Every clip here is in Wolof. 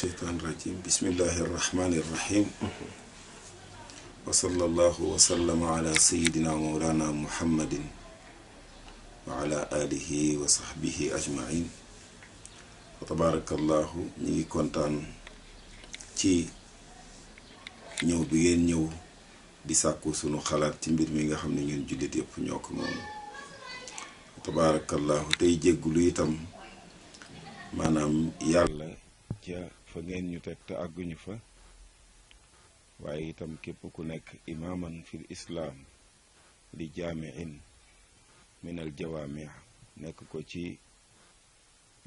الشيطان الرجيم بسم الله الرحمن الرحيم وصلى الله وسلم على سيدنا مولانا محمد وعلى آله وصحبه أجمعين وتبارك الله نيجي كونتان تي ñëw bi ngeen ñëw di sàkku sunu xalaat ci mbir mi nga xam ne ñun jullit yëpp ñoo ko moom tabaarakallahu tey jéggulu itam maanaam yàlla ca fa ngeen ñu teg te àgguñu fa waaye itam képp ku nekk imaaman fil islaam li jaamiin minal jawaamia nekk ko ci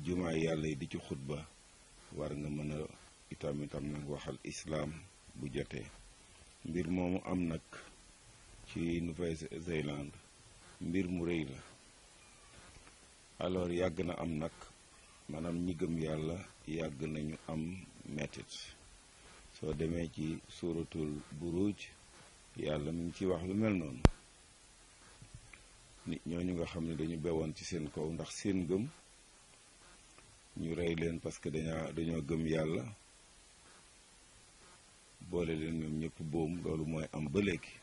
jumaa yàlla yi di ci xutba war nga mën itam itam nag waxal islaam bu jotee mbir moomu am nag ci Nouvelle-Zélande mbir mu réy la alors yàgg na am nag maanaam ñi gëm yàlla yàgg nañu am mettit soo demee ci suuratul buruj yàlla mi ngi ciy wax lu mel noonu nit ñoo ñu nga xam ne dañu bewoon ci seen kaw ndax seen gëm ñu rey leen parce que dañaa dañoo gëm yàlla boole leen ñoom ñëpp boom loolu mooy am ba léegi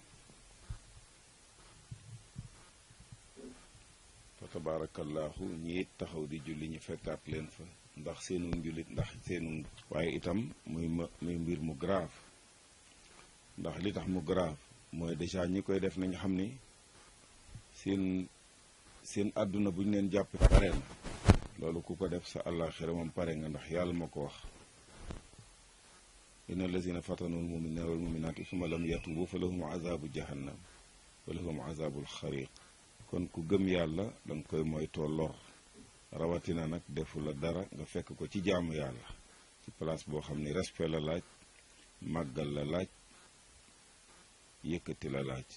tabaarakallaahu ñi taxaw di julli ñu fekkaat leen fa ndax seenu njulit ndax seenu waaye itam muy mbir mu grave ndax li tax mu grave mooy dèjà ñi koy def nañu xam ni seen seen àdduna bu ñu leen jàpp pare na loolu ku ko def sa àllaaxira moom pare nga ndax yàlla ma ko wax inna allazina fatanu al muminina wal muminaati summa lam yatubu fa lahum azabu jahannam wa lahum azabul xariq kon ku gëm yàlla da nga koy moytoo lor rawatina nag defu la dara nga fekk ko ci jaamu yàlla ci place boo xam ni respect la laaj màggal la laaj yëkkati la laaj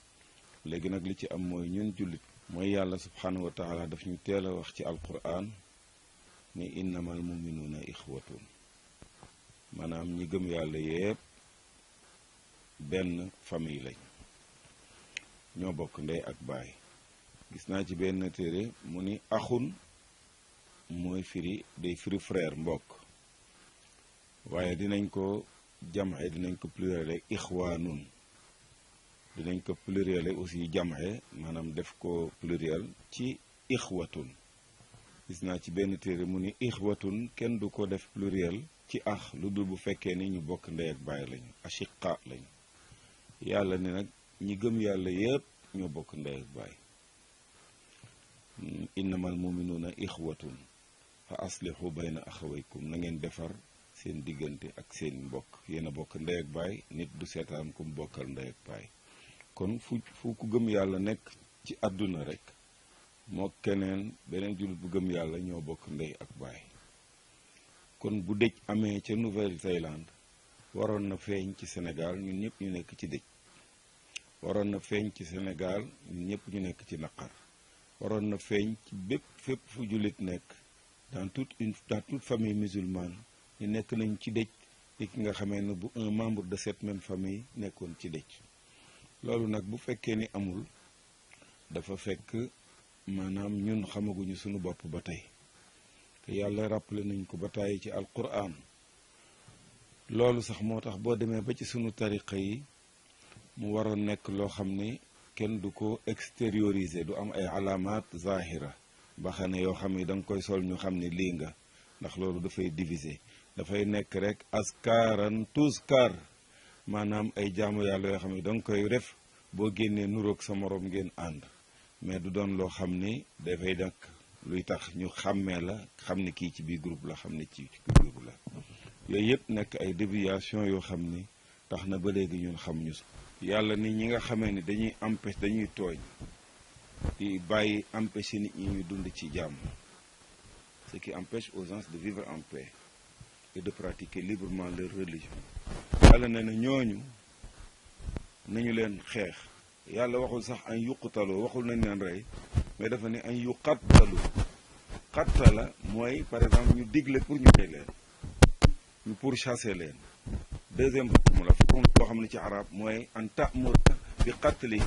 léegi nag li ci am mooy ñun jullit mooy yàlla subhanahu wa taala daf ñu teel a wax ci alquran ni innamal muminuuna ixwatun maanaam ñi gëm yàlla yépp benn famille lañ ñoo bokk ndey ak baay gis naa ci benn téere mu ni axun mooy firi day firi frère mbokk waaye dinañ ko jamxe dinañ ko pluriel ixwaanun dinañ ko pluriel aussi jamxe maanaam def ko pluriel ci ixwatun gis naa ci benn téere mu ni ixwatun kenn du ko def pluriel ci ax lu dul bu fekkee ni ñu bokk ndey ak baay lañu ashiqa lañu yàlla ni nag ñi gëm yàlla yépp ñoo bokk ndey ak baay innamal muminuuna ixwatun fa aslihu bayna axawaykum na ngeen defar seen diggante ak seen mbokk yéen bokk ndey ak baay nit du seetaan kum bokkal ndey ak baay kon gëm yàlla nekk ci àdduna rek moo keneen beneen jullit bu gëm yàlla ñoo bokk ndey ak kon bu dëj amee ca Nouvelle-Zélande waroon na feeñ ci Sénégal ñun ñëpp ñu nekk ci dëj waroon na feeñ ci senegal ñun ñëpp ñu nekk ci naqar waron na feñ ci bépp fépp fu julit nek dans toute une dans toute famille musulmane ni nek nañ ci dëj li ki nga xamé ne bu un membre de cette même famille nekkon ci dëj lolu nak bu fekkee ni amul dafa fekk manam ñun xamaguñu suñu bop ba tey te yalla rappelé nañ ko ba tàyyi ci alquran lolu sax motax bo démé ba ci sunu tariqa yi mu waron nek lo xamné kenn du ko extérioriser du am ay alaamaat zahira baxane yoo xam ni da nga koy sol ñu xam ni lii nga ndax loolu dafay diviser dafay nekk rek askaran car maanaam ay jaamu yàlla yoo xam ni da nga koy def boo génnee nuroog sa moroom ngeen ànd mais du doon loo xam ni dafay nag luy tax ñu xàmmee la xam ni kii ci biir groupe la xam ni ci groupe la yooyu yëpp nekk ay déviation yoo xam ni tax na ba léegi ñun xamuñu yàlla ni ñi nga xamee ni dañuy empêche dañuy tooñ di bàyyi empêcher nit ñi ñu dund ci jàmm ce qui empêche aux gens de vivre en paix et de pratiquer librement leur religion yàlla ne na ñooñu nañu leen xeex yàlla waxul sax an yuqtaloo waxul nañ leen rey mais dafa ne an yuqattalu xatta la mooy par exemple ñu digle pour ñu rey leen ñu pourchasser leen deuxième mu la xukm boo xam ne ci arab mooy an tamur bi qatli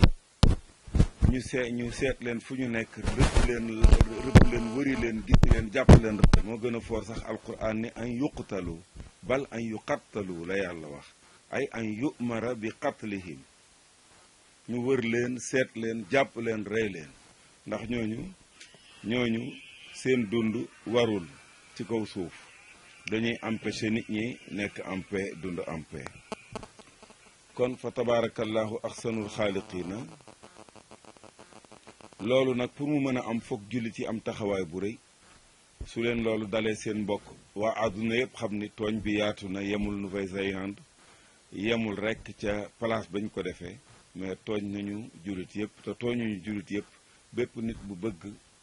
ñu seet ñu seet leen fu ñu nekk rëbb leen rëbb leen wëri leen gis leen jàpp leen rëbb moo gën a foor sax alquran ni an yuqtalu bal an yuqattalu la yàlla wax ay an yumara bi qatlihim ñu wër leen seet leen jàpp leen rey leen ndax ñooñu ñooñu seen dund warul ci kaw suuf dañuy empêcher nit ñi nekk en paix dund en paix kon fa tabaarakallahu axsanul xaaliqiina loolu nag pour mu mën a am foog jullit yi am taxawaay bu rëy su leen loolu dalee seen mbokk waa àdduna yëpp xam ni tooñ bi yaatu na yemul Nouvelle-Zélande yemul rekk ca place bañ ko defee mais tooñ nañu jullit yëpp te tooñuñu jullit yëpp bépp nit bu bëgg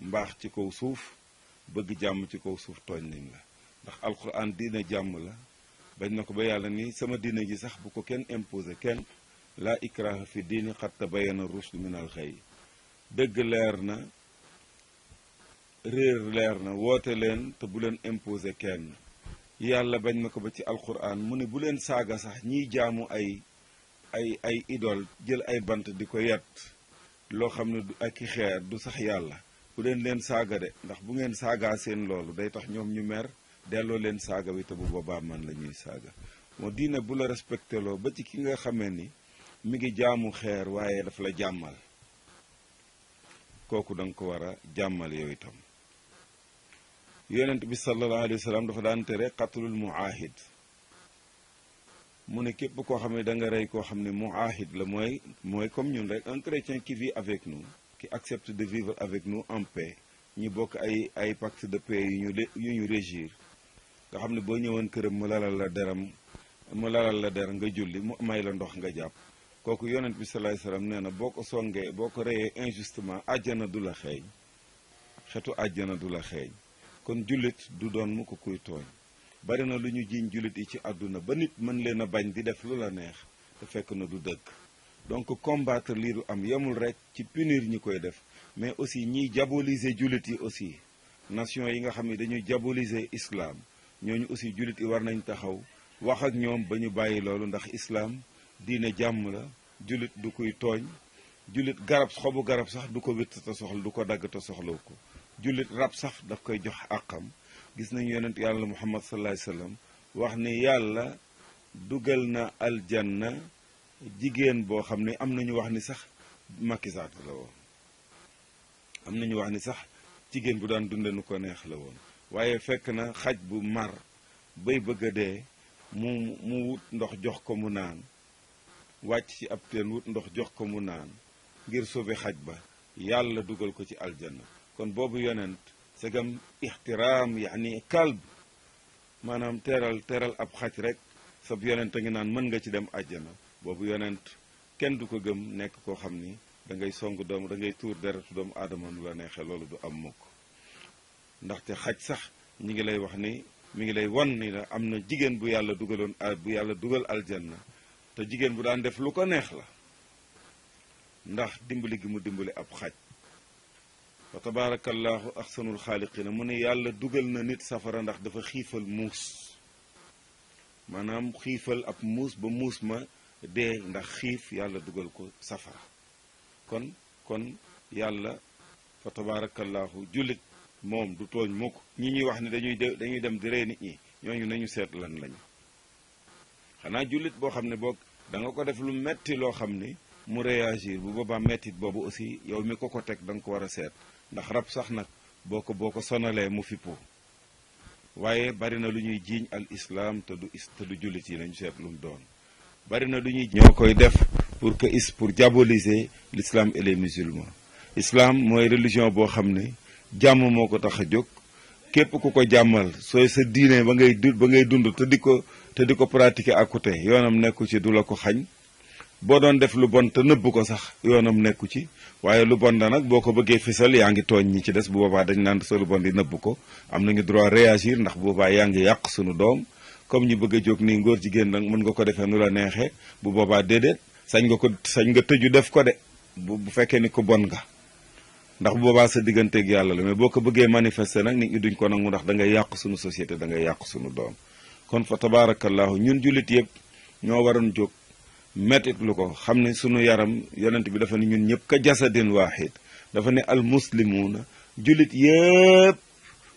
mbaax ci kaw suuf bëgg jàmm ci kaw suuf tooñ nañ la ndax alquran diina jàmm la bañ na ko ba yàlla ni sama diina ji sax bu ko kenn imposé kenn laa ikraha fi diini xat tabayyana rushdu min a xëy dëgg leer na réer leer na woote leen te bu leen imposé kenn yàlla bañ na ko ba ci alquran mu ne bu leen saaga sax ñiy jaamu ay ay ay idole jël ay bant di ko yat loo xam ne du ak i xeer du sax yàlla bu leen leen saaga de ndax bu ngeen saagaa seen loolu day tax ñoom ñu mer delloo leen saaga bi te bu boobaa man la ñuy saaga moo diine bu la respecté loo ba ci ki nga xamee ni mi ngi jaamu xeer waaye daf la jàmmal kooku danga ko war a jàmmal yow itam yonent bi sallallahu alayhi wa sallam dafa daan tere qatlul muahid mu ne képp koo xam ne da nga rey koo xam ne muahid la mooy mooy comme ñun rek un chrétien qui vit avec nous qui accepte de vivre avec nous en paix ñu bokk ay ay pacte de paix yu ñu yu ñu régir nga xam ne boo ñëwoon këram mu lalal la deram mu lalal la der nga julli mu may la ndox nga jàpp kooku yonent bi salaay salaam nee na boo ko songee boo ko reyee injustement àjjana du la xeeñ xetu àjjana du la xeeñ kon jullit du doon mu ko kuy tooñ bari na lu ñu jiiñ jullit yi ci àdduna ba nit mën leen a bañ di def lu la neex te fekk na du dëgg donc combattre lii du am yemul rek ci punir ñi koy def mais aussi ñiy diaboliser jullit yi aussi nation yi nga xam ne dañuy diaboliser islam ñooñu aussi jullit yi war nañ taxaw wax ak ñoom ba ñu bàyyi loolu ndax islaam diine jàmm la jullit du kuy tooñ jullit garab xobu garab sax du ko witt te du ko dagg te ko jullit rab sax daf koy jox àqam gis nañu yonent yàlla muhammad sallallahu alayhi wasallam wax ni yàlla dugal na aljanna jigéen boo xam ne am nañu wax ni sax makisaat la woon am nañu wax ni sax jigéen bu daan dunde nu ko neex la woon waaye fekk na xaj bu mar bay bëgg a dee mu mu wut ndox jox ko mu naan wàcc ci ab teen wut ndox jox ko mu naan ngir sauver xaj ba yàlla dugal ko ci aljanna kon boobu yonent segam ixtiraam yaani kalb maanaam teral teral ab xaj rek sab yonent a ngi naan mën nga ci dem àjjana boobu yonent kenn du ko gëm nekk koo xam ni da ngay song doom da ngay tuur deretu doomu aadama nu la neexee loolu du am mukk ndaxte xaj sax ñi ngi lay wax ni mi ngi lay wan ni la am na jigéen bu yàlla dugaloon bu yàlla dugal aljanna te jigéen bu daan def lu ko neex la ndax dimbali gi mu dimbali ab xaj wa tabarakallahu axsanul xaaliqina mu ne yàlla dugal na nit safara ndax dafa xiifal muus maanaam xiifal ab muus ba muus ma dee ndax xiif yàlla dugal ko safara kon kon yàlla fa tabarakallahu jullit moom du tooñ mukk ñi ñuy wax ne dañuy dañuy dem di rey nit ñi ñooñu nañu seet lan lañu xanaa jullit boo xam ne boog danga ko def lu metti loo xam ni mu réagir bu boobaa mettit boobu aussi yow mi ko ko teg danga ko war a seet ndax rab sax nag boo ko boo ko sonalee mu fippu waaye bari na lu ñuy jiiñ al islaam te du is te jullit yi nañu seet lu doon bari na lu ñuy ñoo koy def pour que is pour diaboliser l'islam et les musulmans islam mooy religion boo xam ni jàmm moo ko tax a jóg képp ku ko jàmmal sooy sa diine ba ngay du ba ngay dund te di ko te di ko pratiquer à côté yoonam nekku ci du la ko xañ boo doon def lu bon te nëbb ko sax yoonam nekku ci waaye lu bon da nag boo ko bëggee fisal yaa ngi tooñ ñi ci des bu boobaa dañ naan sa lu bon di nëbb ko am nañu droit réagir ndax boobaa yaa ngi yàq sunu doom comme ñu bëgg a jóg nii ngóor jigéen nag mën nga ko defee nu la neexee bu boobaa déedéet sañ nga ko sañ nga tëju def ko de bu fekkee ni ko bon nga ndax boobaa sa ak yalla la mais boko bëggé manifesté nak nit ñi duñ ko nangu ndax da nga yaq suñu société da nga yaq suñu doom kon fa tabarakallah ñun julit yépp ño waron jog mettit lu ko yaram yonent bi dafa ni ñun ñëpp ka jasadin wahid dafa ne al muslimuna julit yépp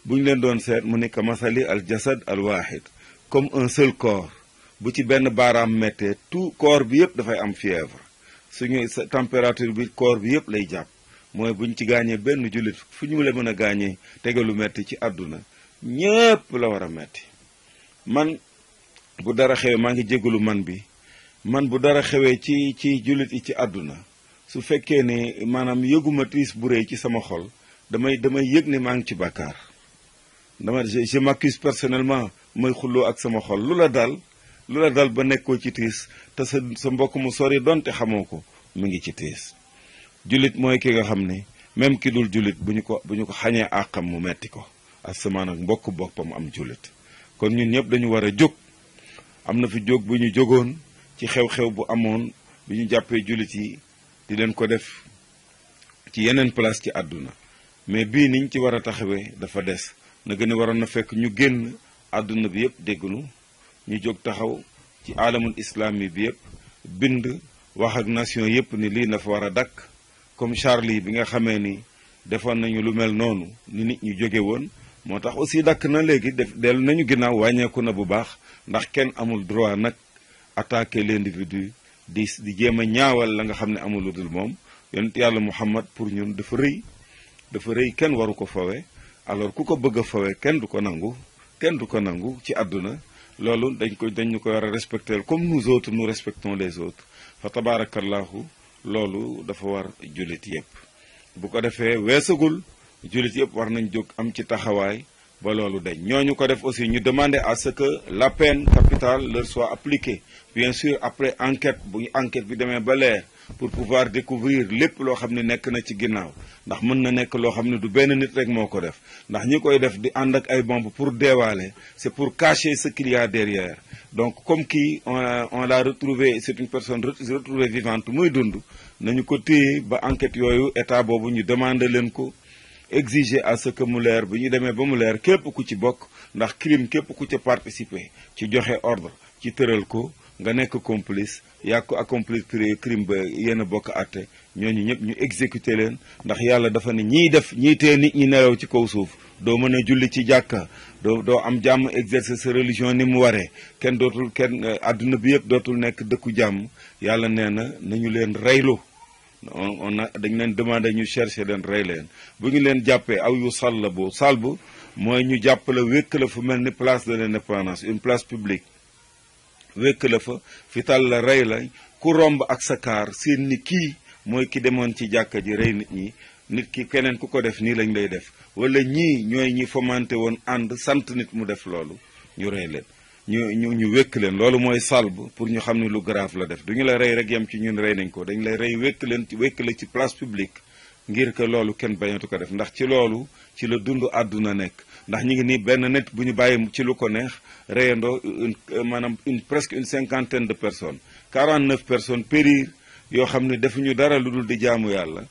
buñ leen doon sét mu ni ka masali al jasad al wahid comme un seul corps bu ci ben baram metté tout corps bi da fay am fièvre suñu température bi corps bi yépp lay japp mooy buñ ci gaañee benn jullit fu ñu la mën a gaañee tegalu metti ci àdduna ñépp la war a metti man bu dara xewee maa ngi jégalu man bi man bu dara xewee ci ci jullit yi ci àdduna su fekkee ne maanaam yëguma tiis bu rëy ci sama xol damay damay yëg ne maa ngi ci bàkkaar dama je m'accuse personnellement may xulloo ak sama xol lu la dal lu la dal ba nekkoo ci tiis te sa sa mbokk mu sori donte xamoo ko mu ngi ci tiis jullit mooy ki nga xam ni même ki dul jullit bu ñu ko bu ko xañee àqam mu metti ko asamaan ak mbokk boppam am jullit kon ñun ñëpp dañu war a jóg am na fi jóg bu ñu jógoon ci xew-xew bu amoon bu ñu jàppee jullit yi di leen ko def ci yeneen place ci àdduna mais bii niñ ci war a taxawee dafa des na gën a waroon na fekk ñu génn àdduna bi yëpp déggunu ñu jóg taxaw ci aalamul islaami bi yëpp bind wax ak nation yëpp ni lii na fa war a dakk comme Charlie bi nga xamee ni defoon nañu lu mel noonu ni nit ñu jóge woon moo tax aussi dakk na léegi def dellu nañu ginnaaw wàññeeku na bu baax ndax kenn amul droit nag attaquer l'individu di di jéem a ñaawal la nga xam ne amul lu moom yonent yàlla Muhammad pour ñun dafa rëy dafa rëy kenn waru ko fawe alors ku ko bëgg a fawe kenn du ko nangu kenn du ko nangu ci àdduna loolu dañ ko dañ ñu ko war respecter comme nous autres nous respectons les autres fa tabarakallahu loolu dafa war jullit yëpp bu ko defee weesagul jullit yëpp war nañ jóg am ci taxawaay ba loolu dañ ñooñu ko def aussi ñu demander à ce que la peine capitale leur soit appliquée bien sûr après enquête bu enquête bi demee ba leer pour pouvoir découvrir lépp loo xam ne na ci ginnaaw ndax mën na ne du benn nit rek de def pour dévaler. c'est pour cacher ce qu'il y a derrière donc comme qui on l'a retrouvé c'est une personne retrouvée vivante muy dund nañu ko téye ba enquête yooyu état boobu ñu demander leen ko exiger à ce que mu leer bi ñu demee ba mu leer képp ku ci bokk ndax crime képp ku participer ci joxe ordre ci tëral ko nga nekk complice yaa ko accomplice crime ba yenn bokk àtte ñooñu ñëpp ñu exécuté leen ndax yàlla dafa ne ñiy def ñii tee nit ñi nelaw ci kaw suuf doo mën a julli ci jàkka doo doo am jàmm exercer sa religion ni mu waree kenn dootul kenn àdduna bi yëpp dootul nekk dëkku jàmm yàlla nee na ñu leen reylu on a dañ leen demandé ñu chercher leen rey leen bu ñu leen jàppee aw yu sàll bu sàll bu mooy ñu jàppale wékk la fu mel ni place de l'indépendance une place publique wékk la fa fital la rey la ku romb ak sa kaar seen nit kii mooy ki demoon ci jàkka ji rey nit ñi nit ki keneen ku ko def nii lañ lay def wala ñii ñooy ñi fomante woon ànd sant nit mu def loolu ñu rey leen ñu ñu ñu wékk leen loolu mooy salbe pour ñu xam ne lu grave la def du ñu la rey rek yem ci ñun rey nañ ko dañ lay rey wékk leen wekk la ci place publique ngir que loolu kenn bañatu ko def ndax ci loolu ci la dund àdduna nekk ndax ñu ngi nii benn nit bu ñu bàyyi ci lu ko neex reyandoo euh, maanaam une presque une cinquantaine de personnes 49 personnes périr yoo xam ne defuñu dara lu dul di jaamu yàlla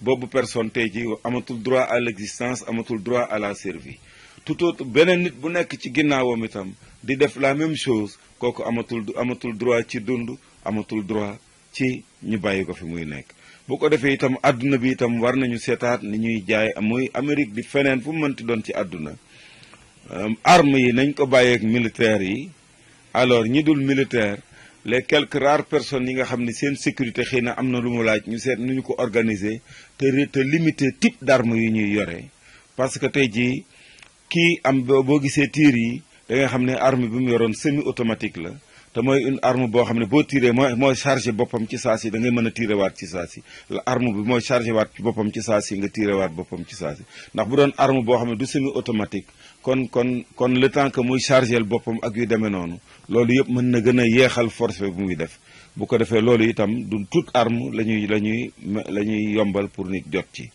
boobu personne tey ji amatul droit à l'existence amatul droit à la survie tout beneen nit bu nekk ci ginnaawam itam di def la même chose kooku amatul amatul droit ci dund amatul droit ci ñu bàyyi ko fi muy nekk bu ko defee itam àdduna bi itam war nañu seetaat ni ñuy jaay muy Amérique di feneen fu mënti doon ci àdduna arme yi nañ ko bàyyeek militaire yi alors ñi dul militaire les quelques rares personnes yi nga xam ne seen sécurité xëy na am na lu mu laaj ñu seet nu ñu ko organiser te te limiter type d'arme yu ñuy yore parce que tey jii kii am boo gisee tiir yi da nga xam ne arme bi mu yoroon semi automatique la te mooy une arme boo xam ne boo tiiree mooy mooy chargé boppam ci saa si dangay mën a tiré waat ci saa si la arme bi mooy chargé waat ci boppam ci saa si nga tiré waat boppam ci saa si ndax bu doon arme boo xam ne du semi automatique kon kon kon le temps que muy chargé boppam ak yu demee noonu loolu yëpp mën na gën a yeexal force bi bu muy def bu ko defee loolu itam du toute arme la ñuy la ñuy la ñuy yombal pour nit jot ci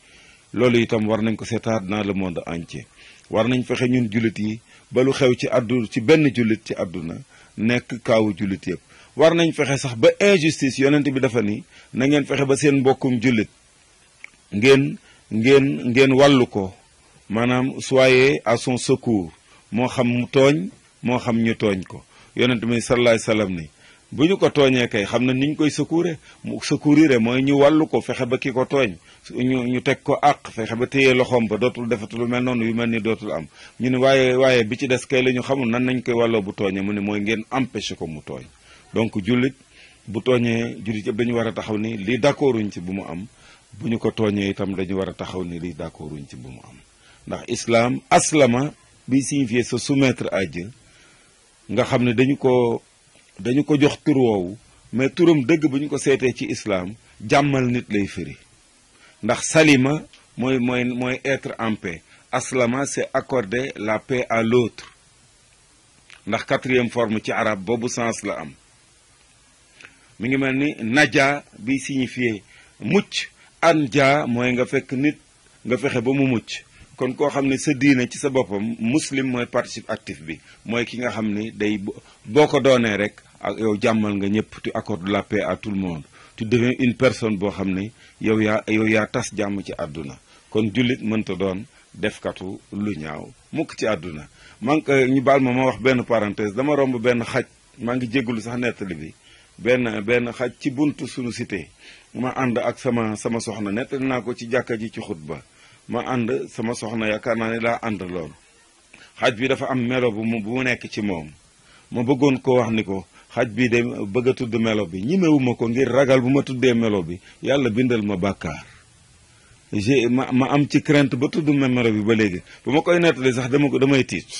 loolu itam war nañ ko seetaat dans le monde entier war nañ fexe ñun jullit yi ba lu xew ci àdduna ci benn jullit ci àdduna nekk kaawu jullit yëpp war nañ fexe sax ba injustice yonent bi dafa ni na ngeen fexe ba seen mbokkum jullit ngeen ngeen ngeen wàllu ko maanaam soyez à son secours moo xam mu tooñ moo xam ñu tooñ ko yonent bi sallallahu alayhi wasallam ni bu ñu ko tooñee kay xam na niñ koy secourir mu secourir mooy ñu wàllu ko fexe ba ki ko tooñ ñu ñu teg ko àq fexe ba téye loxoom ba dootul defatu lu mel noonu yu mel ni dootul am ñu ne waaye waaye bi ci des kay la ñu xamul nan nañ koy wàlloo bu tooñee mu ne mooy ngeen empêché ko mu tooñ donc jullit bu tooñee jullit yëpp dañu war a taxaw ni lii d'accorduñ ci bu mu am bu ñu ko tooñee itam dañu war a taxaw ni lii d'accorduñ ci bu mu am ndax islam aslama bi signifie sa soumettre à Dieu nga xam ne dañu ko dañu ko jox tur woowu mais turam deug bu ko sété ci islam jamal nit lay firi ndax salima moy moy moy être en paix aslama c'est accorder la paix à l'autre ndax 4e forme ci arab bobu sens la am mi ngi melni naja bi signifier mucc anja moy nga fekk nit nga fexé ba mu mucc kon ko xamni sa diine ci sa bopam muslim moy participe actif bi moy ki nga xamni day boko ko rek ak yow jàmmal nga ñëpp tu accordes la paix à tout le monde tu deviens une personne boo xam ne yow yaa yow yaa tas jàmm ci àdduna kon jullit mënta doon defkatu lu ñaaw mukk ci àdduna maa ngi euh, ñu baal ma ma wax benn parenthèse dama romb benn xaj maa ngi jéggulu sax nettali bi benn benn xaj ci buntu suñu cité ma ànd ak sama sama soxna nettali naa ko ci jàkka ji ci xutba ma ànd sama soxna yaakaar naa ne laa ànd lool xaj bi dafa am melo bu mu nekk ci moom ma bëggoon ko wax ni ko xaj bi de bëgg a tudd melo bi ñimewuma ko ngir ragal bu ma tuddee melo bi yàlla bindal ma bàkkaar ma ma am ci crainte ba tudd ma melo bi ba léegi bu ma koy nettali sax dama ko damay tiit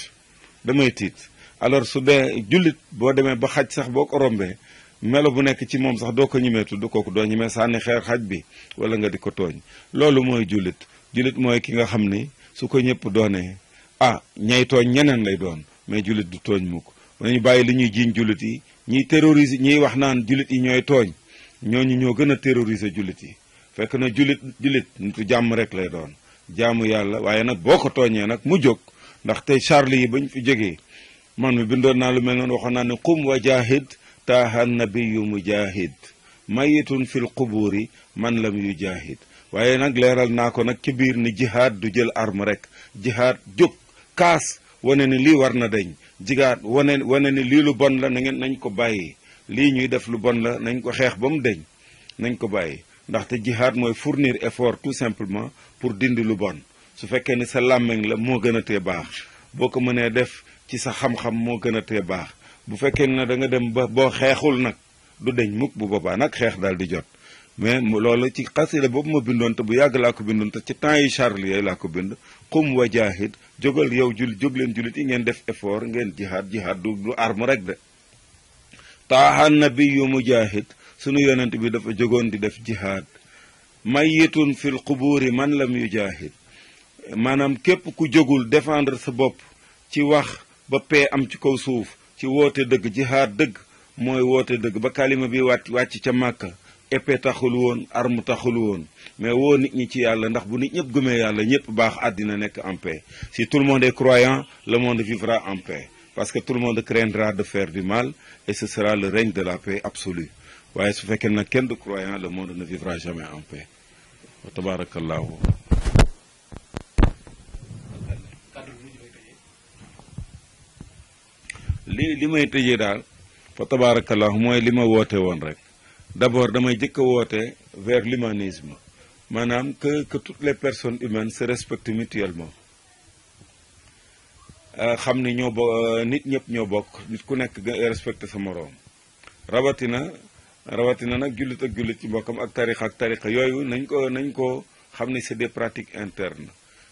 damay tiit alors su dee jullit boo demee ba xaj sax boo ko rombee melo bu nekk ci moom sax doo ko ñimee tudd kooku doo ñimee sànni xeer xaj bi wala nga di ko tooñ loolu mooy jullit jullit mooy ki nga xam ni su ko ñëpp doonee ah ñay tooñ ñeneen lay doon mais jullit du tooñ mukk nañu yi ñiy terroriser ñiy wax naan jullit yi ñooy tooñ ñooñu ñoo gën a terroriser jullit yi fekk na julit jullit nitu jàmm rek lay doon jaamu yàlla waaye nag boo ko tooñee nag mu jóg ndax tey Charlie yi bañ fi jógee man mi bindoon naa lu mel noonu waxoon naa ne qum wa jaahid taahan nabiyu mujaahid mayitun fil yi man lam yu jaahid waaye nag leeral naa ko nag ci biir ni jihaad du jël arm rek jihaad jóg kaas wane ni lii war na deñ jigaat wane wane ni li lu bon la na ngeen nañ ko bayyi li ñuy def lu bon la nañ ko xex bam deñ nañ ko ndax ndaxte jihad moy fournir effort tout simplement pour dindi lu bon su fekkee ni sa lameng la mo gëna a baax boko ko def ci sa xam-xam mo gëna a baax bu fekkee ni da nga dem bo xexul nak du deñ mukk bu boobaa nak xex dal di jot mais loolu ci xasida boobu ma bindoon te bu yàgg laa ko bindoon te ci temps yi Charlie yooyu laa ko bind xum wa jaahid jógal yow jul jóg leen julit yi ngeen def effort ngeen jihaad jihaad du du arme rek de taaha nabiyu mujahid sunu yonent bi dafa jógoon di def jihaad mayitun fil qubuuri man la yujahid maanaam képp ku jógul défendre sa bopp ci wax ba pee am ci kaw suuf ci woote dëgg jihaad dëgg mooy woote dëgg ba kalima bi wàcc wàcc ca màkka épée taxul woon arme taxul woon mais woo nit ñi ci yalla ndax bu nit ñepp gëmee yalla ñepp bax àddina nek en paix si tout le monde est croyant le monde vivra en paix parce que tout le monde craindra de faire du mal et ce sera le règne de la paix absolue waaye su n'y a kenn du croyant le monde ne vivra jamais en paix wa tabarakallah li limay tejé dal fa tabarakallah mooy li ma woote woon rek d'abord damay jëkk a woote vers l'humanisme maanaam que que toutes les personnes humaines se respectent mutuellement euh, xam ni ñoo bo euh, nit ñëpp ñoo bokk nit ku nekk respecté sa moroom rawatina rawatina nag jullit ak jullit ci mbokkam ak tarixa ak tarixa yooyu nañ ko nañ ko xam ni c'est des pratiques internes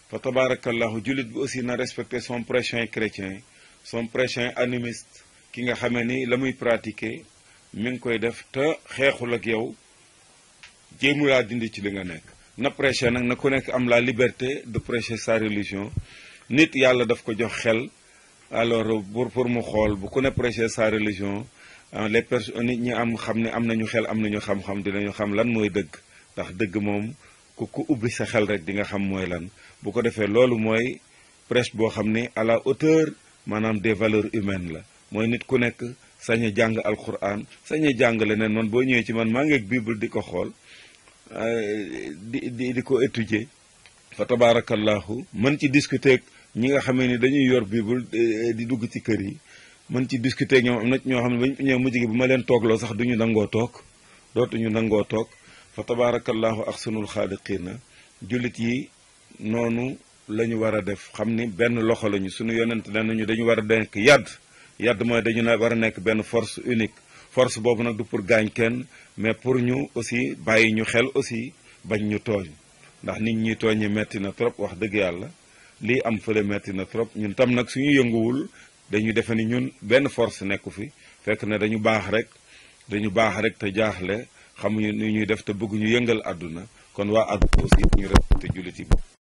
fa tabarakallahu jullit bi aussi na respecté son prochain chrétien son prochain animiste ki nga xamee ni la muy pratiquer mi ngi koy def te xeexul ak yow jéem yaa dindi ci li nga nekk na prêcher nag na ku nekk am la liberté de prêcher sa religion nit yàlla daf ko jox xel alors pour pour mu xool bu ku ne prêcher sa religion euh, les personnes nit ñi am xam ne am nañu xel am nañu xam-xam dinañu xam lan mooy dëgg ndax dëgg moom ku ku ubbi sa xel rek di nga xam mooy lan bu ko defee loolu mooy prêche boo xam ni à la hauteur maanaam des valeurs humaines la mooy nit ku nekk sañ a jàng alquran sañ a jàng leneen man boo ñëwee ci man maa ngeeg di ko xool eh, di di di ko étudier fa tabarakallahu man ci discuter ak ñi nga xamee ni dañuy yor bible eh, di dugg ci kër yi man ci discuter ak ñoom am na ñoo xam ne bañ ñëw mujj gi bu ma leen toog loo sax duñu nangoo toog dootuñu nangoo toog fa tabarakallahu axsanul xaaliqiina jullit yi noonu lañu ñu war a def xam ni benn loxo lañu sunu yonent nee nañu dañu war a denk yàdd yadd mooy dañu ne war a nekk benn force unique force boobu nag du pour gaañ kenn mais pour ñu aussi bàyyi ñu xel aussi bañ ñu tooñ ndax nit ñi tooñi metti na trop wax dëgg yàlla lii am fële metti na trop ñun tam nag su suñu yënguwul dañu defe ni ñun benn force nekku fi fekk ne dañu baax rek dañu baax rek te jaaxle xamuñu ni ñuy def te bëgguñu yëngal àdduna kon waa àdduna aussi ñu respecté jullit yi